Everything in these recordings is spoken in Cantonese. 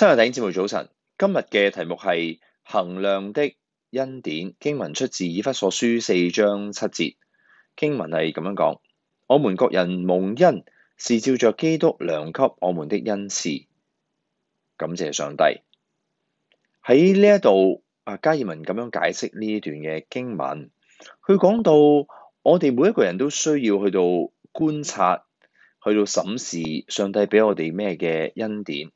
今日《電節目》早晨，今日嘅題目係衡量的恩典。經文出自《以弗所書》四章七節。經文係咁樣講：我們各人蒙恩，是照着基督量給我們的恩賜。感謝上帝。喺呢一度，啊加爾文咁樣解釋呢一段嘅經文，佢講到我哋每一個人都需要去到觀察，去到審視上帝俾我哋咩嘅恩典。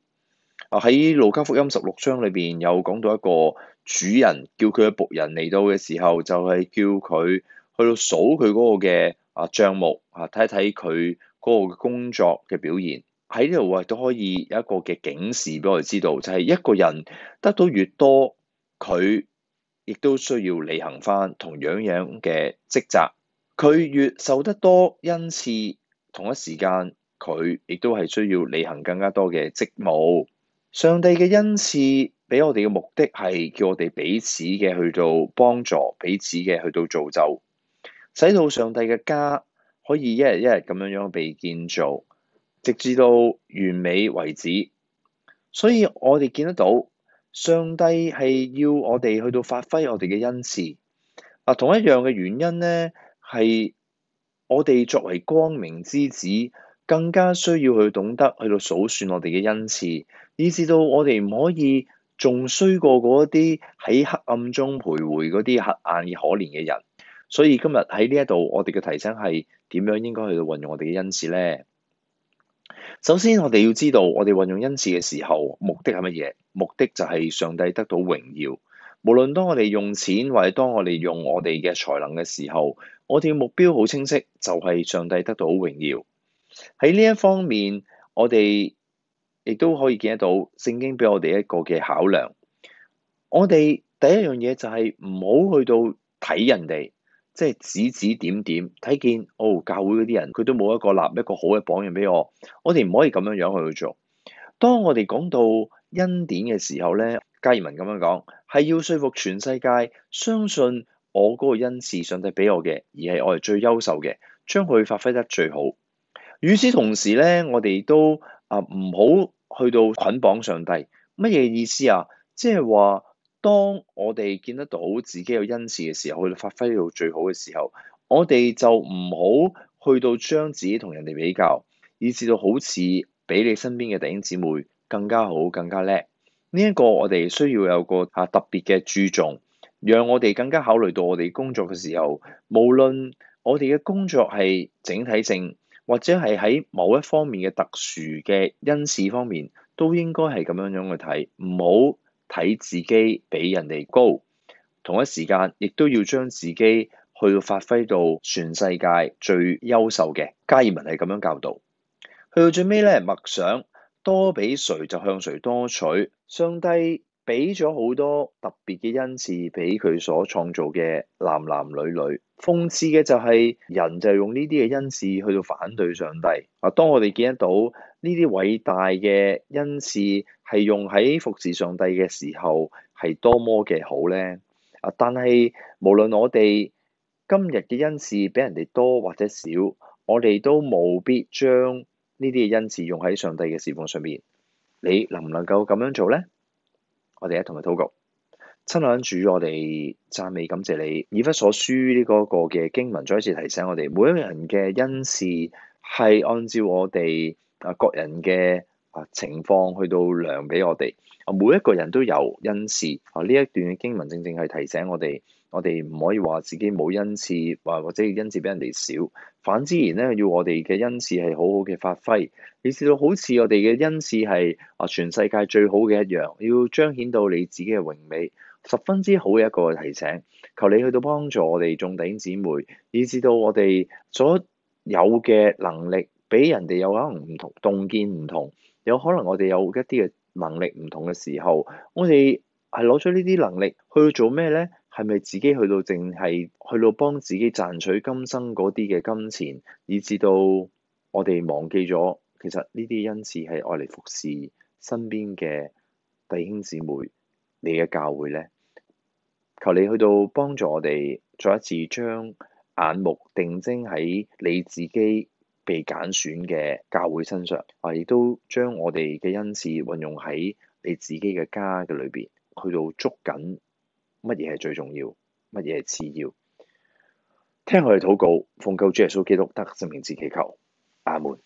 啊！喺《路加福音》十六章裏邊有講到一個主人叫佢嘅僕人嚟到嘅時候，就係叫佢去到數佢嗰個嘅啊賬目啊，睇一睇佢嗰個工作嘅表現。喺呢度我都可以有一個嘅警示俾我哋知道，就係一個人得到越多，佢亦都需要履行翻同樣樣嘅職責。佢越受得多恩賜，因此同一時間佢亦都係需要履行更加多嘅職務。上帝嘅恩賜俾我哋嘅目的係叫我哋彼此嘅去到幫助，彼此嘅去到造就，使到上帝嘅家可以一日一日咁樣樣被建造，直至到完美為止。所以我哋見得到，上帝係要我哋去到發揮我哋嘅恩賜。啊，同一樣嘅原因咧，係我哋作為光明之子。更加需要去懂得去到數算我哋嘅恩賜，以至到我哋唔可以仲衰過嗰啲喺黑暗中徘徊嗰啲黑眼而可憐嘅人。所以今日喺呢一度，我哋嘅提醒係點樣應該去到運用我哋嘅恩賜咧？首先，我哋要知道，我哋運用恩賜嘅時候目的係乜嘢？目的就係上帝得到榮耀。無論當我哋用錢，或者當我哋用我哋嘅才能嘅時候，我哋嘅目標好清晰，就係上帝得到榮耀。喺呢一方面，我哋亦都可以見得到聖經俾我哋一個嘅考量。我哋第一樣嘢就係唔好去到睇人哋，即係指指點點睇見哦，教會嗰啲人佢都冇一個立一個好嘅榜樣俾我。我哋唔可以咁樣樣去去做。當我哋講到恩典嘅時候咧，加爾文咁樣講係要說服全世界相信我嗰個恩賜上帝俾我嘅，而係我哋最優秀嘅，將佢發揮得最好。與此同時咧，我哋都啊唔好去到捆綁上帝。乜嘢意思啊？即係話，當我哋見得到自己有恩賜嘅時候，去發揮到最好嘅時候，我哋就唔好去到將自己同人哋比較，以至到好似比你身邊嘅弟兄姊妹更加好、更加叻呢一個，我哋需要有個啊特別嘅注重，讓我哋更加考慮到我哋工作嘅時候，無論我哋嘅工作係整體性。或者係喺某一方面嘅特殊嘅恩賜方面，都應該係咁樣樣去睇，唔好睇自己比人哋高。同一時間，亦都要將自己去發揮到全世界最優秀嘅。加爾文係咁樣教導。去到最尾咧，默想，「多俾誰就向誰多取上帝。」俾咗好多特別嘅恩賜俾佢所創造嘅男男女女，諷刺嘅就係人就用呢啲嘅恩賜去到反對上帝。啊，當我哋見得到呢啲偉大嘅恩賜係用喺服侍上帝嘅時候，係多麼嘅好呢？啊，但係無論我哋今日嘅恩賜比人哋多或者少，我哋都務必將呢啲嘅恩賜用喺上帝嘅事奉上面。你能唔能夠咁樣做呢？我哋一同嚟禱告，親仰主我，我哋讚美感謝你，以弗所書呢嗰個嘅經文，再一次提醒我哋，每一個人嘅恩賜係按照我哋啊各人嘅啊情況去到量俾我哋，啊每一個人都有恩賜，啊呢一段嘅經文正正係提醒我哋。我哋唔可以話自己冇恩賜，或或者恩賜比人哋少。反之然咧，要我哋嘅恩賜係好好嘅發揮。以至到好似我哋嘅恩賜係啊，全世界最好嘅一樣，要彰顯到你自己嘅榮美，十分之好嘅一個提醒。求你去到幫助我哋眾頂姊妹，以至到我哋所有嘅能力，俾人哋有可能唔同洞見唔同，有可能我哋有一啲嘅能力唔同嘅時候，我哋係攞咗呢啲能力去做咩咧？係咪自己去到淨係去到幫自己賺取今生嗰啲嘅金錢，以至到我哋忘記咗其實呢啲恩賜係愛嚟服侍身邊嘅弟兄姊妹，你嘅教會咧？求你去到幫助我哋再一次將眼目定睛喺你自己被揀選嘅教會身上，我亦都將我哋嘅恩賜運用喺你自己嘅家嘅裏邊，去到捉緊。乜嘢係最重要？乜嘢係次要？聽我哋禱告，奉救主耶穌基督得聖名字祈求，阿門。